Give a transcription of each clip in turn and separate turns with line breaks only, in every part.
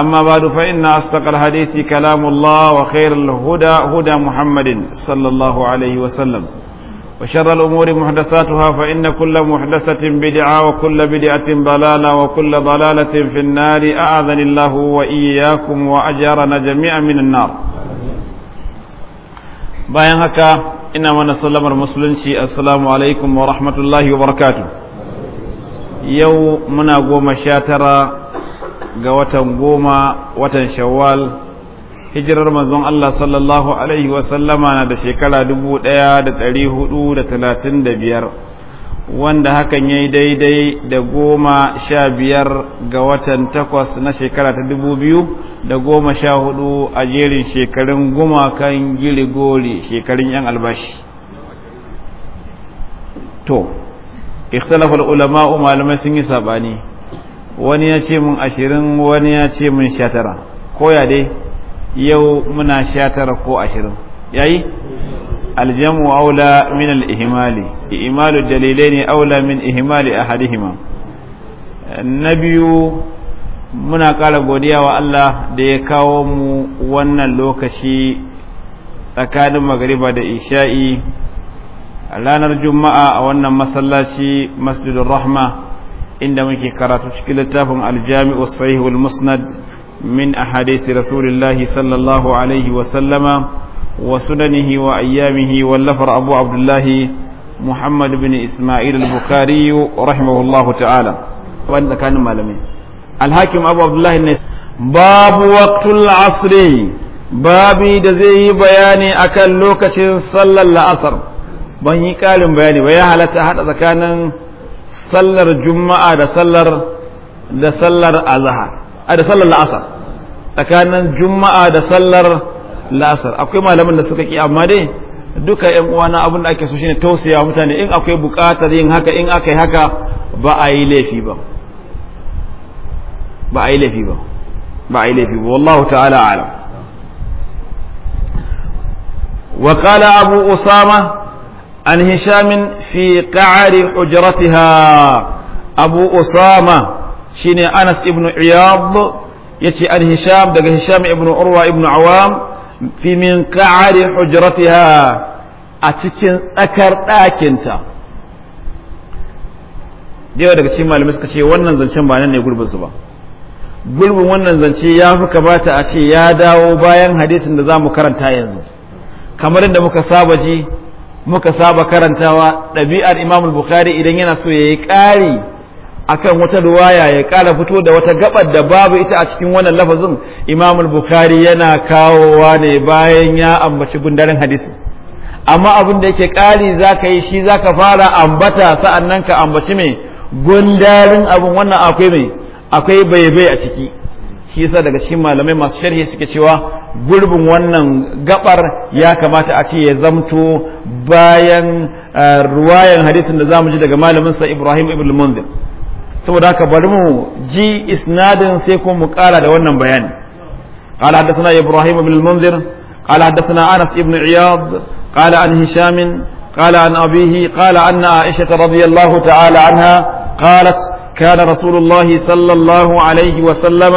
أما بعد فإن أصدق الحديث كلام الله وخير الهدى هدى محمد صلى الله عليه وسلم وشر الأمور محدثاتها فإن كل محدثة بدعة وكل بدعة ضلالة وكل ضلالة في النار أعاذني الله وإياكم وأجارنا جميعا من النار bayan haka ina mana sallamar musulunci assalamu alaikum wa rahmatullahi wa barakatuh yau muna goma sha tara ga watan goma watan shawwal hijirar manzon Allah sallallahu alaihi wasallama na da shekara dubu ɗaya da ɗari hudu da talatin da biyar wanda hakan ya yi daidai da goma sha biyar ga watan takwas na shekara ta dubu biyu da goma sha hudu a jerin shekarun gumakan giligori shekarun yan albashi to ikhtalafal ulama'u malamai sun yi sabani wani ya ce mun ashirin wani ya ce mun sha ko ya dai yau muna sha ko ashirin yayi aljamu aula min al-ihmali ihmalu dalilaini aula min ihmali ahadihima na biyu muna ƙara godiya wa Allah da ya kawo mu wannan lokaci tsakanin magariba da isha'i ranar juma'a a wannan masallaci masjidun rahma inda muke karatu cikin littafin aljami'u sahihul musnad min ahadithi rasulillahi sallallahu alaihi wa sallama wa sunanihi wa ayyamihi wallafar abu abdullahi muhammad bin isma'il al-bukhari rahimahullahu ta'ala wani tsakanin malami. alhakim abu abdullahi ne babu waqtul asri babi da zai yi bayani akan lokacin sallar la'asar ban yi ƙarin bayani ba ya halatta haɗa tsakanin sallar juma'a da sallar da sallar azhar a da sallar la'asar tsakanin juma'a da sallar la'asar akwai malamin da suka ki amma dai duka yan uwana abin da ake so shine tausaya mutane in akwai buƙatar yin haka in aka yi haka ba a yi laifi ba ba a yi laifi ba ba a yi laifi ba wallahu ta'ala alam wa qala abu usama عن هشام في قعر حجرتها أبو أسامة شيني أنس ابن عياض يتي عن هشام دق هشام ابن أروى ابن عوام في من قعر حجرتها أتكن أكر أكنتا dewa daga cikin malamai suka ce wannan zancen ba nan ne ba gurbin wannan zance ya fi kamata a ce ya dawo bayan hadisin da za mu karanta yanzu kamar da muka saba ji muka saba karantawa ɗabi'ar imamul bukhari idan yana so ya yi ƙari a kan wata ruwaya ya ƙara fito da wata gaɓar da babu ita a cikin wannan lafazin imamul bukhari yana kawowa ne bayan ya ambaci gundarin hadisi amma abin da yake ƙari za ka yi shi za ka fara ambata sa'an nan ka ambaci mai gundarin abin wannan akwai mai akwai baibai a ciki shi yasa daga cikin malamai masu sharhi suke cewa gurbin wannan gabar ya kamata a ce ya zamto bayan eh, ruwayan hadisin da zamu ji daga malamin sa Ibrahim ibn Munzir saboda haka bari mu ji isnadin sai kuma mu kara da wannan bayani قال حدثنا إبراهيم بن المنذر قال حدثنا أنس بن عياض قال عن هشام قال عن أبيه قال أن عائشة رضي الله تعالى عنها قالت كان رسول الله صلى الله عليه وسلم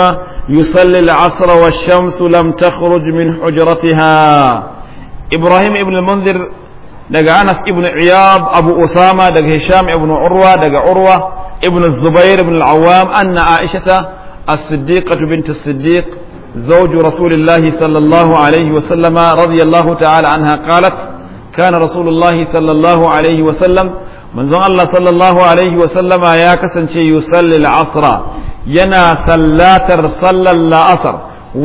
يصلي العصر والشمس لم تخرج من حجرتها إبراهيم ابن المنذر دقى أنس ابن عياض أبو أسامة دقى هشام ابن عروة دقى عروة ابن الزبير بن العوام أن عائشة الصديقة بنت الصديق زوج رسول الله صلى الله عليه وسلم رضي الله تعالى عنها قالت كان رسول الله صلى الله عليه وسلم من الله صلى الله عليه وسلم يا كسن يصلي العصر yana sallatar sallar la'asar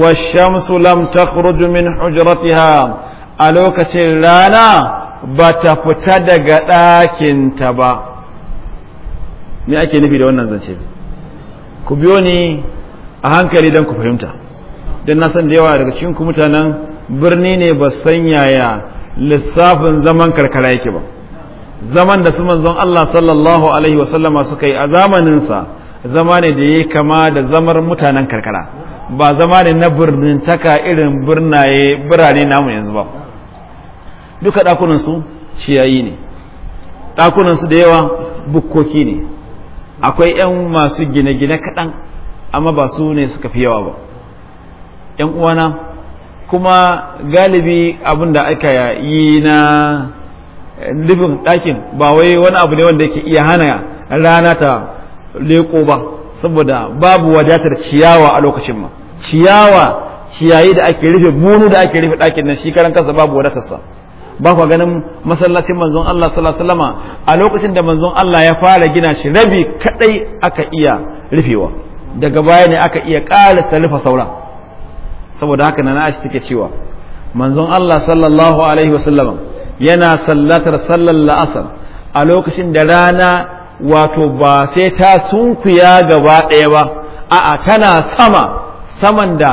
wa shamsu lam takhruju min hujratiha a lokacin rana ba ta fita daga ɗakinta ba me ake nufi da wannan zance ku biyo ni a hankali don ku fahimta don na san da yawa daga cikin ku mutanen birni ne ba san yaya lissafin zaman karkara yake ba zaman da su manzon Allah sallallahu alaihi wasallama suka yi a zamaninsa zama ne da ya kama da zamar mutanen karkara ba zama ne na birnintaka irin birnaye birane namu yanzu ba duka ɗakunansu ciyayi ne ɗakunansu da yawa bukkoki ne akwai 'yan masu gine-gine kaɗan amma ba su ne suka fi yawa ba 'yan uwana kuma galibi abin da aka yi na libin ɗakin ba wai wani abu ne wanda yake iya hana rana ta leko ba saboda babu wadatar ciyawa a lokacin ma ciyawa ciyayi da ake rufe bunu da ake rufe ɗakin nan shi karan kansa babu wadatarsa ba ku ganin masallacin manzon Allah sallallahu alaihi a lokacin da manzon Allah ya fara gina shi rabi kadai aka iya rufewa daga baya ne aka iya ƙara sarrafa saura saboda haka na ashi take cewa manzon Allah sallallahu alaihi wasallam yana sallatar sallar la'asar a lokacin da rana wato ba sai ta sunkuya gaba ɗaya ba a'a tana sama saman da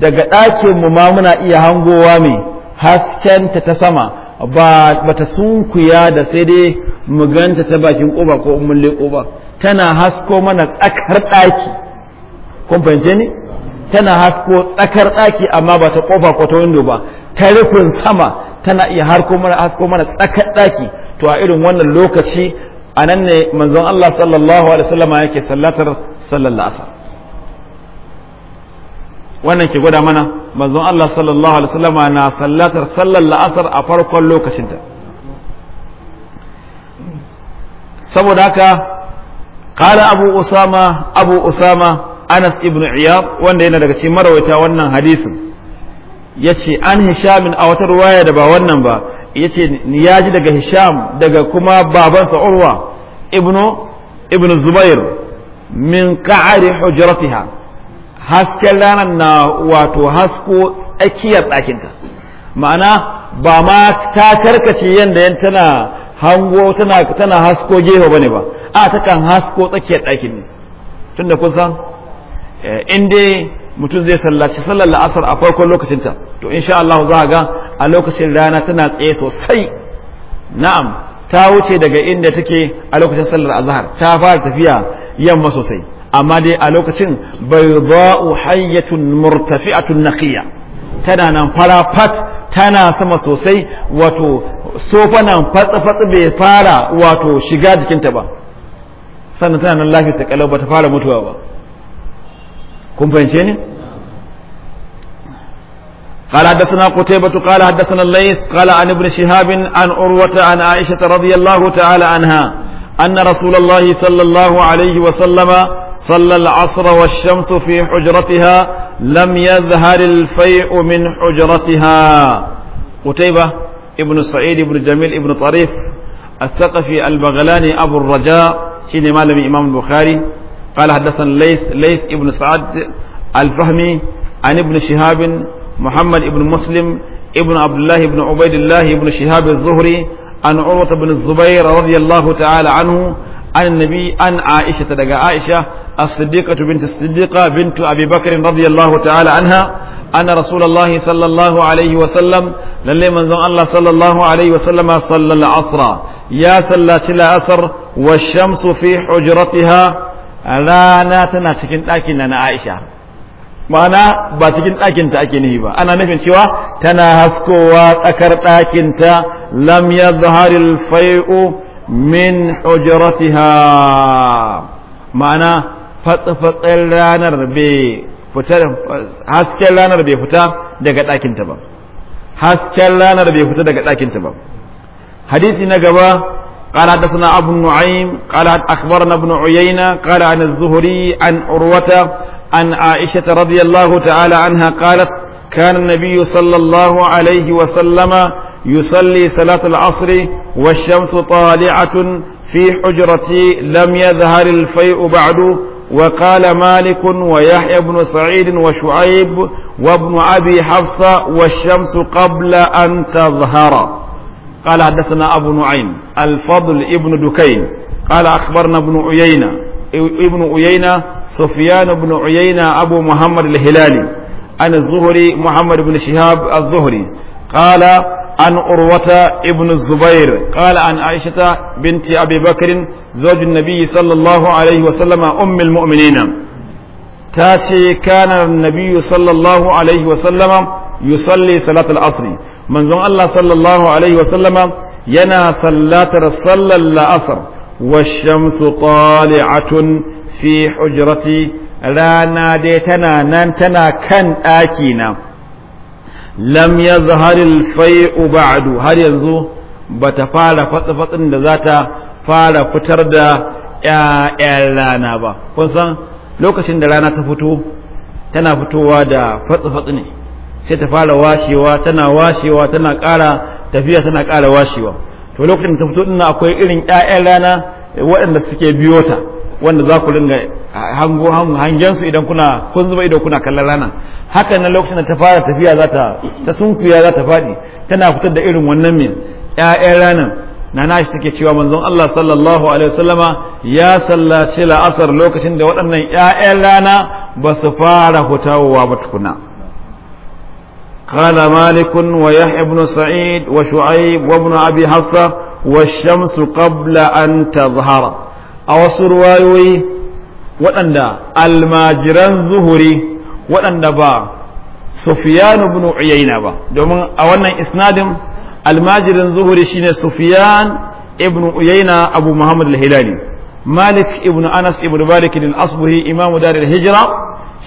daga ɗakin mu ma muna iya hangowa mai haskenta ta sama ba ta sunkuya da sai dai mu ganta ta bakin ƙoba ko mun leƙo ba tana hasko mana tsakar ɗaki kun fahimce ni tana hasko tsakar ɗaki amma ba ta ƙofa ko ta windo ba ta rufin sama tana iya harko mana hasko mana tsakar ɗaki to a irin wannan lokaci a nan ne manzon Allah sallallahu alaihi wasallama yake sallatar sallar asar wannan ke gwada mana manzon Allah sallallahu alaihi wasallama na sallatar sallar la'asar a farkon lokacinta saboda haka qala abu usama abu usama anas ibn iyad wanda yana daga cikin marawaita wannan hadisin yace an min a wata ruwaya da ba wannan ba ya yace ya ji daga Hisham daga kuma babansa Urwa ibnu ibnu Zubair min ka'ari hujratiha hasken ranar na wato hasko tsakiyar ɗakinta ma'ana ba ma ta karkace yadda yan tana hango tana tana hasko gefe bane ba a ta kan hasko tsakiyar ɗakin ne tunda kun san eh, in dai mutum zai sallaci sallar la'asar a farkon lokacinta to insha Allah za ga a lokacin rana tana tsaye sosai na'am ta wuce daga inda take a lokacin sallar azhar ta fara tafiya yamma sosai amma dai a lokacin bayda'u hayyatun murtafi'atun naqiya tana nan fara fat tana sama sosai wato sofa nan fatsa-fatsa bai fara wato shiga jikinta ba sannan tana nan lafiya ta kalau ba ta fara mutuwa ba kun fahimce ni قال حدثنا قتيبة قال حدثنا الليث قال عن ابن شهاب عن عروة عن عائشة رضي الله تعالى عنها أن رسول الله صلى الله عليه وسلم صلى العصر والشمس في حجرتها لم يظهر الفيء من حجرتها قتيبة ابن سعيد ابن جميل ابن طريف الثقفي البغلاني أبو الرجاء شيني مال إمام البخاري قال حدثنا ليس ليس ابن سعد الفهمي عن ابن شهاب محمد بن مسلم ابن عبد الله بن عبيد الله بن شهاب الزهري عن عروة بن الزبير رضي الله تعالى عنه عن النبي عن عائشة دقى عائشة الصديقة بنت الصديقة بنت أبي بكر رضي الله تعالى عنها أن رسول الله صلى الله عليه وسلم للي من الله صلى الله عليه وسلم صلى العصر يا صلى تلا أسر والشمس في حجرتها لا ناتنا تكن لكن أنا عائشة ma'ana ba cikin ɗakinta ake nihi ba ana nufin cewa tana haskowa tsakar ɗakinta lam ya zaharil fai'u min hujratiha ma'ana fatsafatsen ranar bai fita hasken ranar bai fita daga ɗakinta ba hasken ranar bai fita daga ɗakinta ba hadisi na gaba قال حدثنا أبو النعيم قال أخبرنا ابن عيينة قال عن الزهري عن عن عائشة رضي الله تعالى عنها قالت كان النبي صلى الله عليه وسلم يصلي صلاة العصر والشمس طالعة في حجرتي لم يظهر الفيء بعد وقال مالك ويحيى بن سعيد وشعيب وابن أبي حفصة والشمس قبل أن تظهر قال حدثنا أبو نعيم الفضل ابن دكين قال أخبرنا ابن عيينة ibn uyayna sufyan ibn uyayna abu muhammad al-hilali zuhri muhammad ibn shihab az-zuhri qala an urwata ibn zubair qala an aishata binti abi bakr zawj an sallallahu alayhi wa sallama umm al-mu'minina ta ce kana an sallallahu alayhi wa sallama yusalli salat al manzon Allah sallallahu alaihi wa sallama yana salatar sallar la'asar والشمس طالعة في حجرتي tana nan tana kan ɗakina. lam ya zaharil fai'u ba'du har yanzu bata fara fatsafatsin da za ta fara fitar da ‘ya'yan rana ba kun san lokacin da rana ta fito tana fitowa da fatsafatsi sai ta fara washewa tana washewa tana ƙara tafiya tana ƙara washewa to lokacin ta fito din akwai irin ƴaƴan rana waɗanda suke biyo ta wanda za ku ringa hango hangen su idan kuna kun zuba ido kuna kallon rana haka nan lokacin da ta fara tafiya za ta ta sunkuya za ta faɗi tana fitar da irin wannan min ƴaƴan ranan na nashi take cewa manzon Allah sallallahu alaihi wasallama ya sallaci la'asar lokacin da waɗannan ƴaƴan rana ba su fara hutawowa ba tukuna قال مالك ويحيى بن سعيد وشعيب وابن أبي حفصة والشمس قبل أن تظهر أو سروايوي وأن الماجران زهري وأن با سفيان بن عيينة با دومن أولا إسناد الماجران زهري شين سفيان ابن عيينة أبو محمد الهلالي مالك ابن أنس ابن مالك الأصبهي إمام دار الهجرة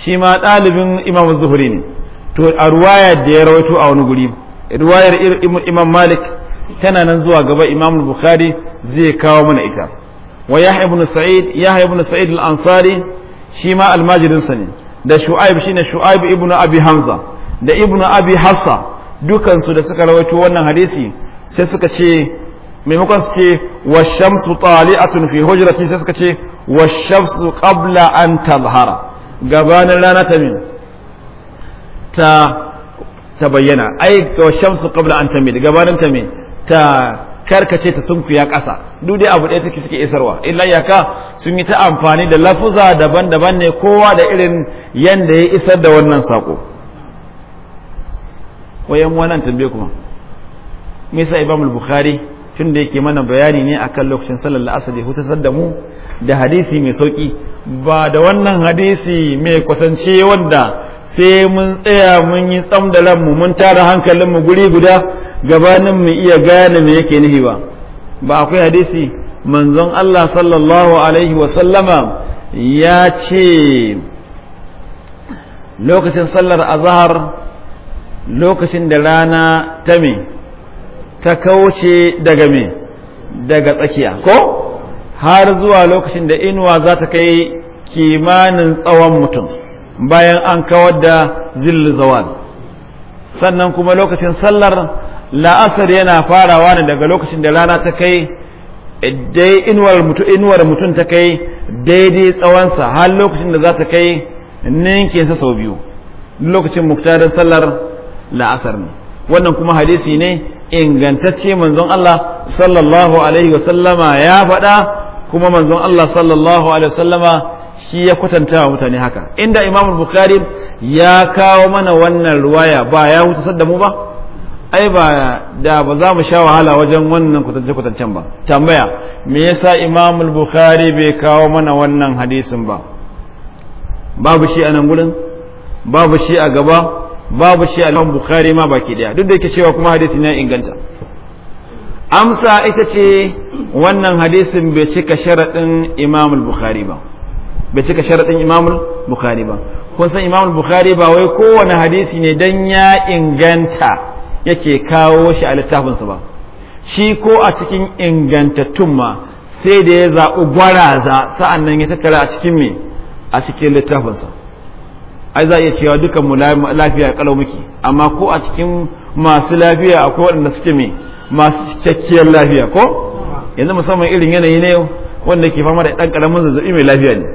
شيما طالب إمام الزهري to a ruwayar da ya rawaito a wani guri ruwayar imam malik tana nan zuwa gaba imam bukhari zai kawo mana ita wa yahya ibn sa'id yahya ibn sa'id al-ansari shi ma almajirin sa ne da shu'aib shine shu'aib ibn abi hamza da ibn abi hassa dukan su da suka rawaito wannan hadisi sai suka ce maimakon su ce wa shamsu tali'atun fi hujrati sai suka ce wa shamsu qabla an tazhara gabanin rana ta min ta ta bayyana ai ga shamsu qabla an tamid gabanin ta me ta karkace ta sunkuya ƙasa duk dai abu ɗaya take suke isarwa illa yaka sun yi ta amfani da lafuza daban-daban ne kowa da irin yanda ya isar da wannan sako wayan wannan tambaye kuma me yasa Imam bukhari tun da yake mana bayani ne akan lokacin sallar la'asar hu hutasar da mu da hadisi mai sauki ba da wannan hadisi mai kwatance wanda sai mun tsaya mun yi tsam da mu mun tara hankalinmu guri guda gabanin mu iya gane me yake nufi ba ba akwai hadisi manzon Allah sallallahu alaihi wa sallama ya ce lokacin sallar azhar lokacin da rana ta me ta kauce daga me daga tsakiya ko har zuwa lokacin da inuwa za ta kai kimanin tsawon mutum bayan an kawar da zillu zawal sannan kuma lokacin sallar la'asar yana farawa ne daga lokacin da rana ta kai dai inuwar mutum ta kai daidai tsawonsa har lokacin da za ta kai ninkin sa sau biyu lokacin muktarin sallar la'asar ne wannan kuma hadisi ne ingantacce manzon Allah sallallahu alaihi wasallama ya faɗa kuma manzon Allah sallallahu alaihi wasallama shi ya kwatanta wa mutane haka inda imamul bukhari ya kawo mana wannan ruwaya ba ya wuce sadda mu ba ai ba da ba za mu sha wahala wajen wannan kwatance kwatancen ba tambaya me yasa imamul bukhari bai kawo mana wannan hadisin ba babu shi a nan gurin babu shi a gaba babu shi a nan bukhari ma baki daya duk da yake cewa kuma hadisin ya inganta amsa ita ce wannan hadisin bai cika sharaɗin imamul bukhari ba bai cika sharaɗin imamul bukhari ba kun san imamul bukhari ba wai kowane hadisi ne dan ya inganta yake kawo shi a littafinsa ba shi ko a cikin ingantattun ma sai da ya zaɓi gwaraza sa'an nan ya tattara a cikin me a cikin littafinsa ai za a iya cewa dukan mu lafiya kalau muke amma ko a cikin masu lafiya akwai waɗanda suke me masu cikakkiyar lafiya ko yanzu musamman irin yanayi ne wanda ke fama da ɗan ƙaramin zazzaɓi mai lafiya ne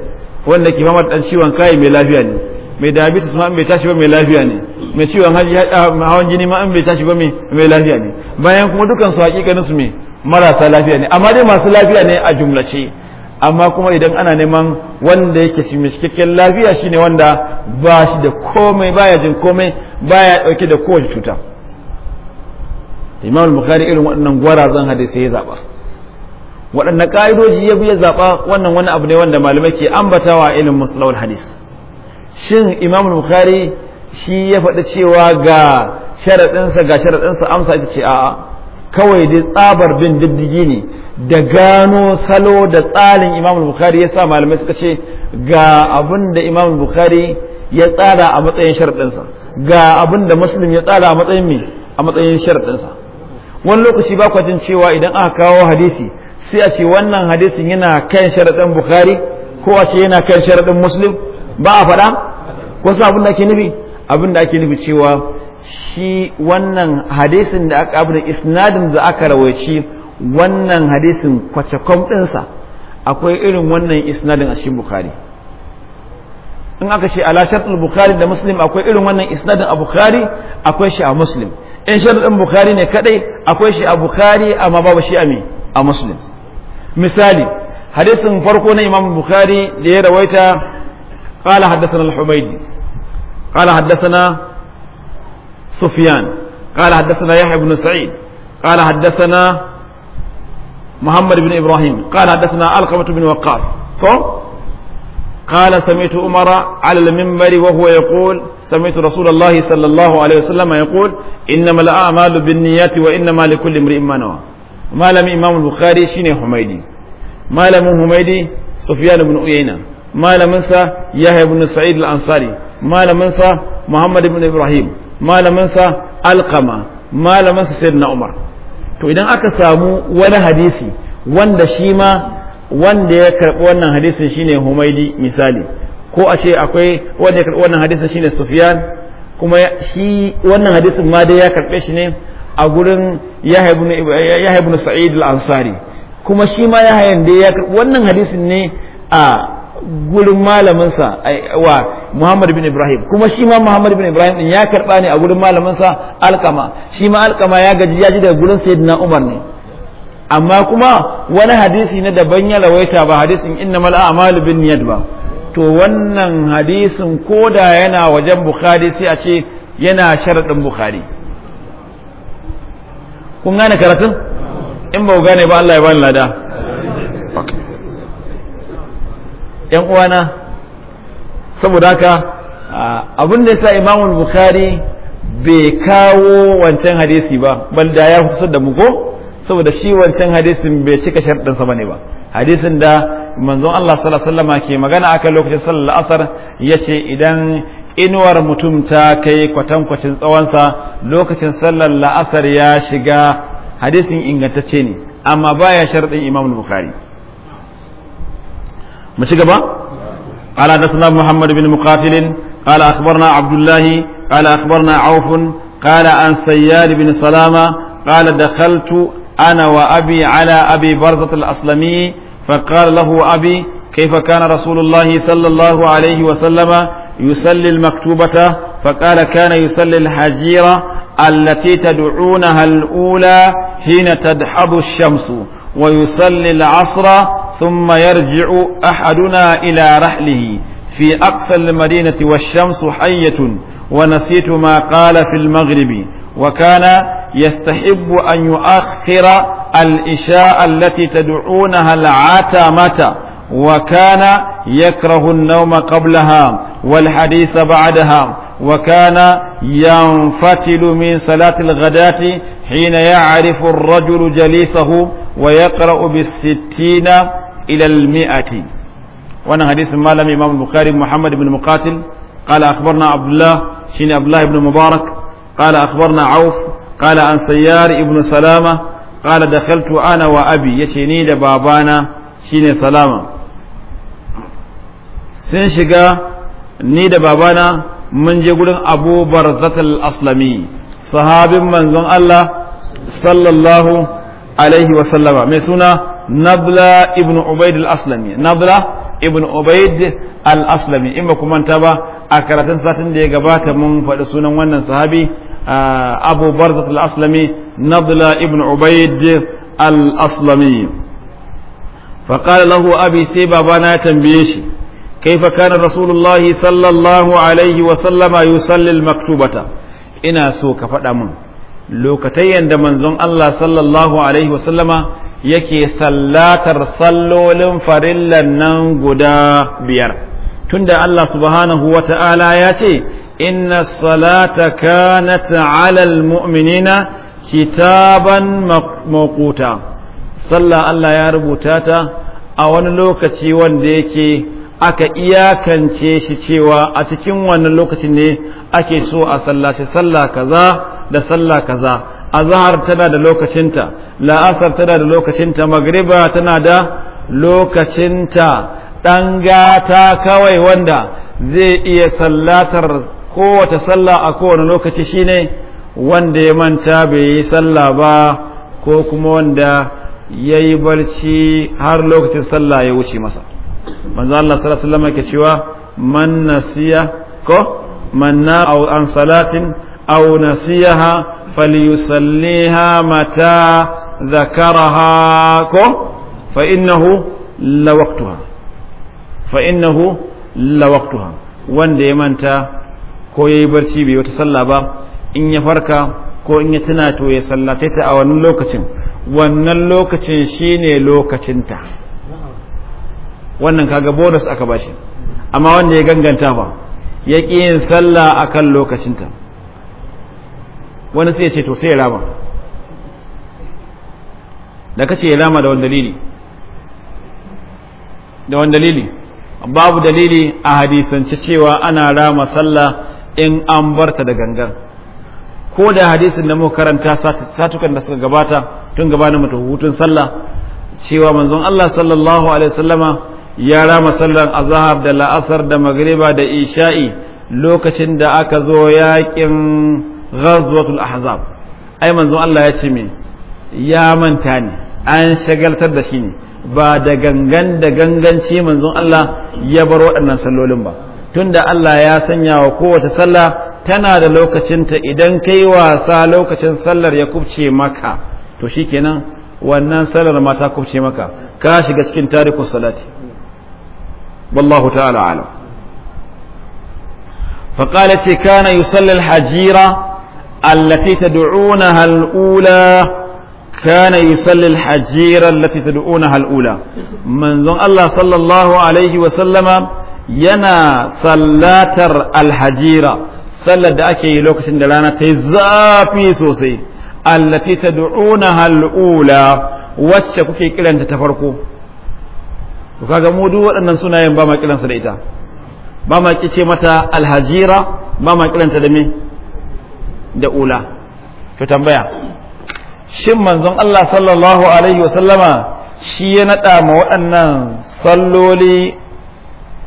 wanda ke fama da ciwon kai mai lafiya ne mai diabetes ma bai tashi ba mai lafiya ne mai ciwon hawan jini ma bai tashi ba mai lafiya ne bayan kuma dukan su hakikanin su me marasa lafiya ne amma dai masu lafiya ne a jumlace amma kuma idan ana neman wanda yake shi mai cikakken lafiya shine wanda ba shi da komai baya jin komai baya dauke da kowace cuta imam bukhari irin waɗannan gwarazan hadisi ya zaba waɗanne ƙa'idoji ya biya zaɓa wannan wani abu ne wanda malamai ke ambatawa ilin musulawar hadis shin imam bukhari shi ya faɗi cewa ga sharaɗinsa ga sharaɗinsa amsa ita ce a'a kawai dai tsabar bin diddigi ne da gano salo da tsarin imam bukhari ya sa malamai suka ce ga abin da imam bukhari ya tsara a matsayin sharaɗinsa ga abin da musulun ya tsara a matsayin a matsayin sharaɗinsa wani lokaci ba kwatin cewa idan aka kawo hadisi sai a ce wannan hadisin yana kan sharaɗin bukhari ko a ce yana kan sharaɗin muslim ba a faɗa wasu abin da ake nufi abin da ake nufi cewa shi wannan hadisin da aka abin isnadin da aka rawaici wannan hadisin kwace kwam ɗinsa akwai irin wannan isnadin a cikin bukhari in aka ce ala shartul bukhari da muslim akwai irin wannan isnadin a bukhari akwai shi a muslim in shartin bukhari ne kadai akwai shi a bukhari amma babu shi a a muslim misali hadisin farko na imam bukhari da ya rawaita qala haddathana al-humaydi qala haddathana sufyan qala haddathana yahya ibn sa'id qala haddathana muhammad ibn ibrahim qala haddathana alqamah ibn waqqas قال سمعت عمر على المنبر وهو يقول سمعت رسول الله صلى الله عليه وسلم يقول إنما الأعمال بالنيات وإنما لكل امرئ ما نوى ما لم إمام البخاري شيني حميدي ما لم حميدي سفيان بن أيينة ما لم انسى يحيى بن سعيد الأنصاري ما لم انسى محمد بن إبراهيم ما لم انسى القمة ما لم انسى سيدنا عمر to idan aka samu wani hadisi wanda shi ma wanda ya karɓi wannan hadisin shine humaidi misali ko a ce akwai wanda ya karɓi wannan hadisin shine sufyan kuma shi wannan hadisin ma dai ya karɓe shi ne a gurin yahya ibn sa'id al-ansari kuma shi ma yahya dai ya karɓi wannan hadisin ne a gurin malaminsa wa Muhammad bin Ibrahim kuma shi ma Muhammad bin Ibrahim din ya karɓa ne a gurin malaminsa alkama shi ma alkama ya gaji ya ji daga gurin Sayyidina Umar ne amma kuma wani hadisi na daban ya rawaita ba hadisin mal a'malu bin niyyat ba to wannan hadisin koda yana wajen bukhari sai a ce yana sharadin bukhari kun gane karatun in ba gane ba Allah ya bani lada yan uwana saboda haka abin da yasa imamul bukhari bai kawo wancan hadisi ba bal da ya fusar da mu ko saboda shi wancan hadisin bai cika sharɗin sa bane ba hadisin da manzon Allah sallallahu alaihi wasallam ke magana akan lokacin sallar asar yace idan inuwar mutum ta kai kwatankwacin sa lokacin sallar la'asar ya shiga hadisin ingantacce ne amma baya sharɗin Imam Bukhari mu ci gaba قال حدثنا محمد بن مقاتل قال أخبرنا عبد الله قال أخبرنا عوف قال عن سياد بن سلامة قال دخلت أنا وأبي على أبي برزة الأسلمي فقال له أبي كيف كان رسول الله صلى الله عليه وسلم يصلي المكتوبة فقال كان يصلي الحجيرة التي تدعونها الأولى حين تدحض الشمس ويصلي العصر ثم يرجع أحدنا إلى رحله في أقصى المدينة والشمس حية ونسيت ما قال في المغرب وكان يستحب أن يؤخر الإشاء التي تدعونها العتمة وكان يكره النوم قبلها والحديث بعدها وكان ينفتل من صلاة الغداة حين يعرف الرجل جليسه ويقرأ بالستين إلى المئة وانا حديث ما لم إمام البخاري محمد بن مقاتل قال أخبرنا عبد الله حين عبد الله بن مبارك قال أخبرنا عوف قال عن سيار ابن سلامة قال دخلت أنا وأبي يشيني دبابانا شيني سلامة سنشقا ني دبابانا من جقول أبو برزة الأسلمي صحاب من ذن الله صلى الله عليه وسلم مسونا نبلة ابن عبيد الأسلمي نبلة ابن عبيد الأسلمي إما كمان تبا a karatun satin da ya gabata mun faɗi sunan wannan sahabi abu barzat al-aslami nadla ibn ubaid al-aslami فقال له أبي سيبا بنا تنبيش كيف كان رسول الله صلى الله عليه وسلم يصلي المكتوبة إنا سوك فدام لوكتي عند منزون الله صلى الله عليه وسلم yake sallatar sallolin farillan nan guda biyar tunda Allah subhanahu wa ta'ala ya ce salata إن الصلاة kitaban على sallah allah ya صلى الله يا ربوتاتا أو لوكتي وانديكي aka iyakance shi cewa a cikin wannan lokacin ne ake so a sallaci sallah kaza da sallah kaza azahar tana da lokacinta la'asar tana da lokacinta magriba tana da lokacinta ɗan gata kawai wanda zai iya sallatar kowace sallah a kowane lokaci shine wanda ya manta bai yi sallah ba ko kuma wanda ya yi barci har lokacin sallah ya wuce masa manzo Allah sallallahu alaihi wasallam ke cewa man nasiya ko man na an salatin aw nasiyaha falyusalliha mata dhakaraha ko fa innahu la waqtuha fa innahu la waqtuha wanda ya manta ko ya yi barci bai wata sallah ba in ya farka ko in ya tuna to ya sallace ta a wannan lokacin wannan lokacin shine lokacinta wannan kaga bonus aka bashi amma wanda ya ganganta ba ya ƙi yin sallah akan lokacinta wani sai ya ce to sai ya rama da kace ya rama da wani dalili da wani dalili babu dalili a hadisance cewa ana rama sallah in an bar ta da gangan ko da hadisin da muka karanta satukan da suka gabata tun gabanin mutu hutun sallah cewa manzon Allah sallallahu alaihi wasallama ya rama sallan azhar da la'asar da magriba da isha'i lokacin da aka zo yakin ghazwatul ahzab ai manzon Allah ya ce me ya manta ne an shagaltar da shi ne ba da gangan da ganganci manzon Allah ya bar waɗannan sallolin ba tunda Allah ya sanya wa kowace sallah tana da lokacinta idan kai wasa lokacin sallar ya kubce maka to shikenan wannan sallar ma ta kubce maka ka shiga cikin tarikus salati wallahu ta'ala alam فقال كان يصلي الحجيرة التي تدعونها الأولى كان يصلي الحجيرة التي تدعونها الأولى من Allah صلى alaihi wa sallama. yana sallatar alhajira sallar da ake yi lokacin da rana ta yi zafi sosai allati du'una hal'ula wacce kuke kiranta ta farko to kaga mu duk waɗannan sunayen ba ma kiransa da ita ba ma kice mata alhajira ba ma kiranta da me da ula to tambaya shin manzon Allah sallallahu alaihi wa sallama shi ya nada ma waɗannan salloli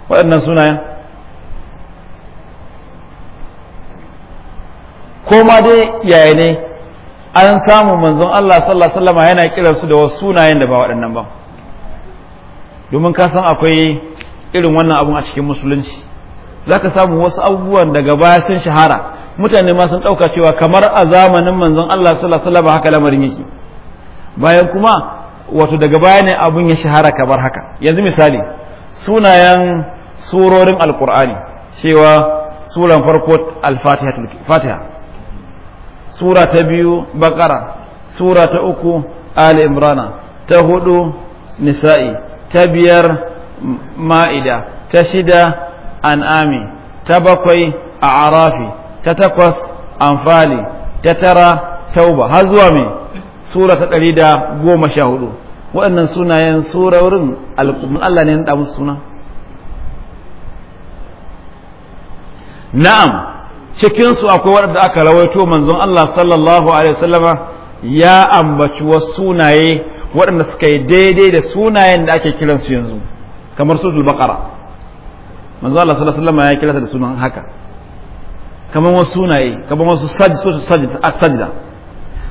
waɗannan sunayen ko ma dai yaya ne an samu manzon Allah sallallahu alaihi wasallam yana kiransu da wasu sunayen da ba waɗannan ba domin ka san akwai irin wannan abun a cikin musulunci zaka samu wasu abubuwan daga baya sun shahara mutane ma sun ɗauka cewa kamar a zamanin manzon Allah sallallahu alaihi haka lamarin yake bayan kuma wato daga baya ne abun ya shahara kamar haka yanzu misali sunayen surorin alkur'ani cewa suran farko al-fatiha sura ta biyu bakara sura ta uku ali imrana ta hudu nisa'i ta biyar ma'ida ta shida an'ami ta bakwai a arafi ta takwas amfali ta tara tauba har zuwa mai sura ta ɗari da goma sha hudu waɗannan sunayen surorin Allah ne na musu suna na'am cikinsu akwai waɗanda aka rawaito manzon Allah sallallahu alaihi wasallama ya ambaci wasu sunaye waɗanda suka yi daidai da sunayen da ake kiransu yanzu kamar su baqara manzon Allah sallallahu alaihi wasallama ya kira da sunan haka kamar wasu sunaye kamar wasu sajda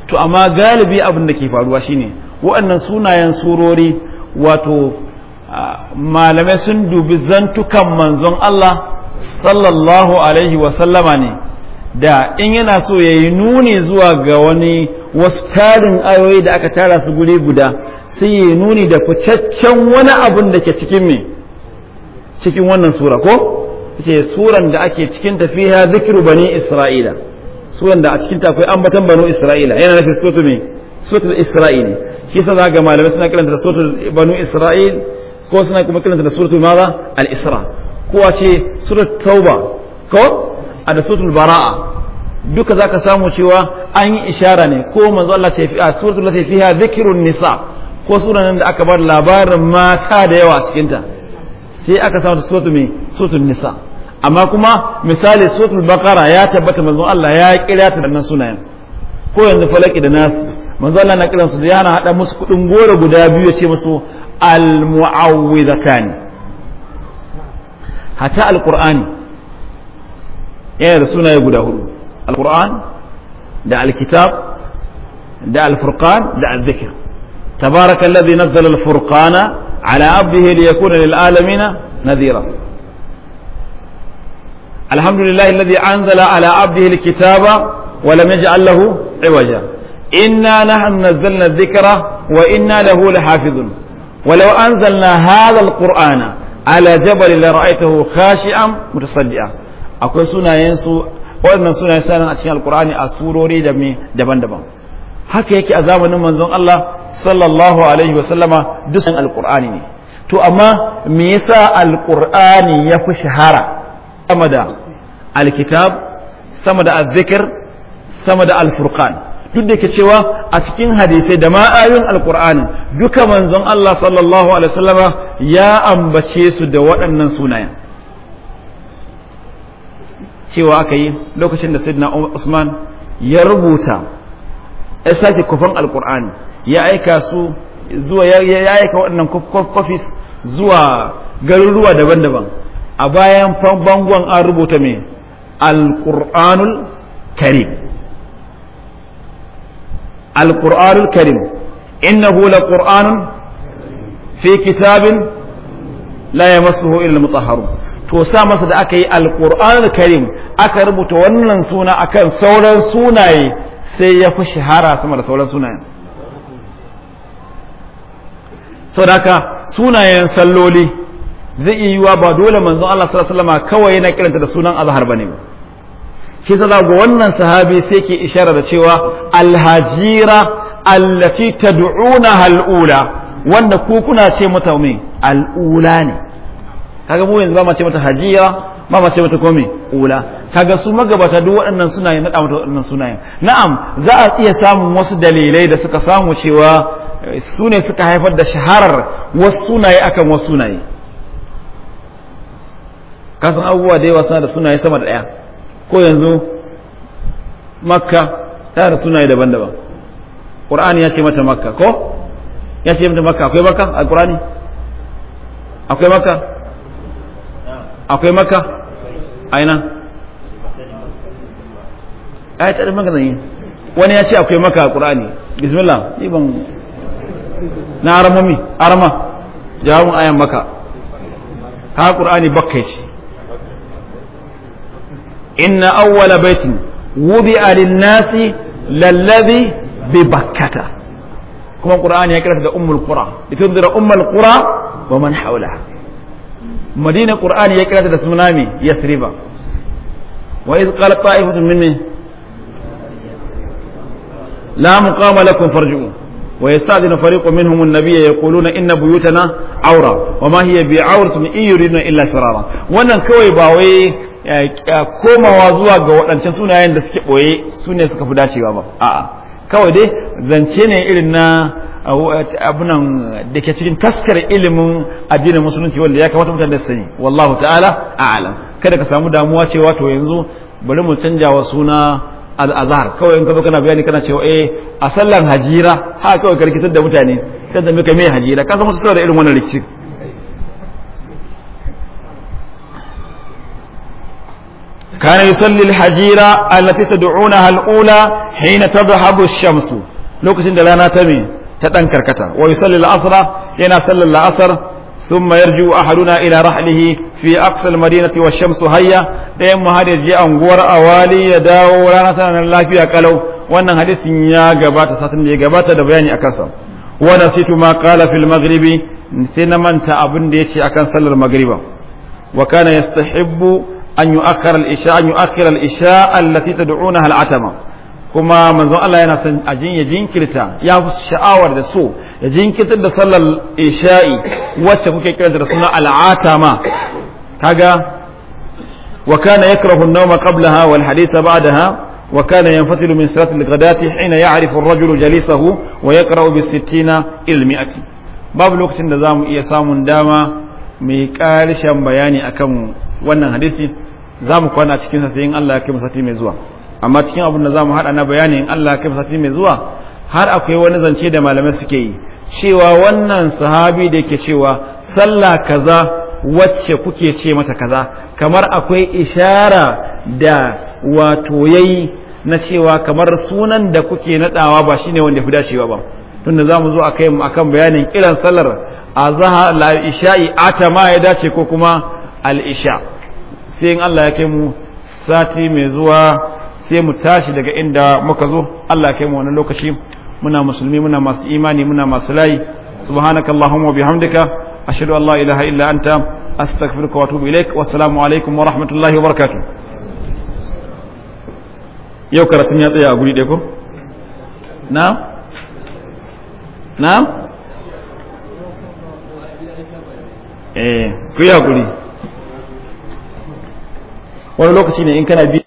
to amma galibi abin da ke faruwa shine waɗannan sunayen surori wato malamai sun dubi zantukan manzon Allah sallallahu alaihi wasallama ne da in yana so ya yi nuni zuwa ga wani wasu tarin ayoyi da aka tara su guri guda sai ya yi nuni da fitaccen wani abun da ke cikin me cikin wannan sura ko ke suran da ake cikin tafiya zikiru bani isra'ila suran da a cikin takwai ambaton bani isra'ila yana nufin sotu me sotu isra'ila shi yasa ga malamai suna kiranta da suratul banu isra'il ko suna kuma kiranta da suratul maza al-isra ko a ce suratul tauba ko a da suratul bara'a duka zaka samu cewa an yi ishara ne ko manzo Allah ce fi suratul lati fiha dhikrun nisa ko nan da aka bar labarin mata da yawa cikin ta sai aka samu suratul me suratul nisa amma kuma misali suratul baqara ya tabbata manzo Allah ya kira ta da nan sunayen ko yanzu falaki da nasu manzo Allah na kiransu su yana hada musu kudin goro guda biyu ya ce musu al mu'awwidhatan hatta alqur'ani yana da sunaye guda hudu alqur'an da alkitab da alfurqan da azzikr tabaraka alladhi nazzala alfurqana ala abdihi liyakuna lil alamin nadhira alhamdulillahi alladhi anzala ala abdihi alkitaba wa lam yaj'al lahu iwaja إنا نحن نزلنا الذكر وإنا له لحافظون ولو أنزلنا هذا القرآن على جبل لرأيته خاشعا متصدعا akwai sunayensu waɗannan sunayen sanan a cikin alkur'ani a surori da me daban-daban haka yake a zamanin manzon Allah sallallahu alaihi wasallama duk alkur'ani ne to amma me yasa alkur'ani ya fi shahara sama da alkitab sama da azzikir sama da alfurqan duk da ke cewa a cikin hadisai da ma'ayin alkur'ani duka manzon Allah sallallahu alaihi wasallama ya ambace su da waɗannan sunayen cewa aka yi lokacin da sayyidina Usman ya rubuta ya sashi kufan alkur'ani ya aika su zuwa ya aika waɗannan kofis zuwa garuruwa daban-daban a bayan bangon an rubuta mai alkur'anul karim القرآن الكريم إنه لقرآن في كتاب لا يمسه إلا المطهرون to sa masa da aka yi alƙur'an karim aka rubuta wannan suna akan sauran sunaye sai ya fi shahara sama da sauran sunayen sau da sunayen salloli zai iya yiwuwa ba dole manzon Allah sallallahu alaihi wasallam kawai yana kiranta da sunan azhar bane ba shi sa ga wannan sahabi sai ke ishara da cewa alhajira allati tad'una hal'ula wanda ku kuna ce mata me al'ula ne kaga mu yanzu ba ma ce mata hajira ba ma ce mata komi ula kaga su magabata duk waɗannan sunayen na mata waɗannan sunayen na'am za a iya samun wasu dalilai da suka samu cewa eh, su ne suka haifar da shaharar wasu sunaye akan wasu sunaye kasan abubuwa da yawa suna da sunaye sama da ɗaya ko yanzu makka ta da sunaye daban-daban ƙur'ani ya ce mata makka ko ya ce mata makka akwai makka a ƙur'ani akwai makka
akwai makka aina
ai ta da magana wani ya ce akwai makka a ƙur'ani bismillah ni ban na aramomi arama jawon ayan makka ha ƙur'ani ya ce inna awwala baitin wudi'a lin-nasi lallazi bi bakkata kuma qur'ani ya kira da ummul qura litundira ummul qura wa man hawlaha madina qur'ani ya kira da sunami yasriba wa iz qala ta'ifatun la farji'u ويستأذن فريق منهم النبي يقولون إن بيوتنا عورة وما هي بعورة إن يريدون إلا فرارا wannan kawai ba wai Eh, komawa zuwa ga waɗancan sunayen da suke ɓoye su ne suka fi dacewa ba a'a kawai dai zance ne irin na abunan da ke cikin taskar ilimin addinin musulunci wanda ya kamata mutane su sani wallahu ta'ala a'lam kada ka samu damuwa cewa to yanzu bari mu canja wa suna al'azhar kawai in ka zo kana bayani kana cewa eh a sallan hajira ha kawai karkitar da mutane sai da muka mai hajira ka san wasu da irin wannan rikici كان يصلي الحجيرة التي تدعونها الأولى حين تذهب الشمس لوكس لا ناتمي تتنكر كتا ويصلي العصر ينا صلى العصر ثم يرجع أحدنا إلى رحله في أقصى المدينة والشمس هيا دائما هذه جاء أنقور أوالي يداو ولا نتنا الله فيها كلو وأن حديث يا قبات ساتن يا قبات دبياني أكسر ونسيت ما قال في المغرب سنمنت أبن ديتي أكن صلى المغرب وكان يستحب an yi al-isha an yi al-isha allati tad'unaha al-atama kuma manzon Allah yana son a ya jinkirta ya fi sha'awar da so ya jinkirtar da sallar isha'i wacce kuke kira da suna al-atama kaga wa kana yakrahu an-nawma qablaha wal haditha ba'daha wa kana yanfatilu min salati al-ghadati hina ya'rifu ar-rajulu jalisahu wa yaqra'u bis-sittina ilmi'ati babu lokacin da zamu iya samun dama mai karshen bayani akan wannan hadisi za mu kwana cikin sa sai in Allah ya kai sati mai zuwa amma cikin abin da za mu haɗa na bayani in Allah ya kai sati mai zuwa har akwai wani zance da malamai suke yi cewa wannan sahabi da yake cewa sallah kaza wacce kuke ce mata kaza kamar akwai ishara da wato yayi na cewa kamar sunan da kuke nadawa ba shine wanda fi dacewa ba tunda za mu zo a kai akan bayanin kiran sallar a zaha la atama ya dace ko kuma al isha sai in Allah ya kai mu sati mai zuwa sai mu tashi daga inda muka zo Allah ya kai mu wannan lokaci muna musulmi muna masu imani muna masu layi subhanakallahumma wa bihamdika ashhadu an la ilaha illa anta astaghfiruka wa atubu ilaik wassalamu alaikum wa rahmatullahi wa barakatuh yau karatun ya tsaya a guri ɗaya ko na'am na'am eh ku ya guri wani lokaci ne in kana bi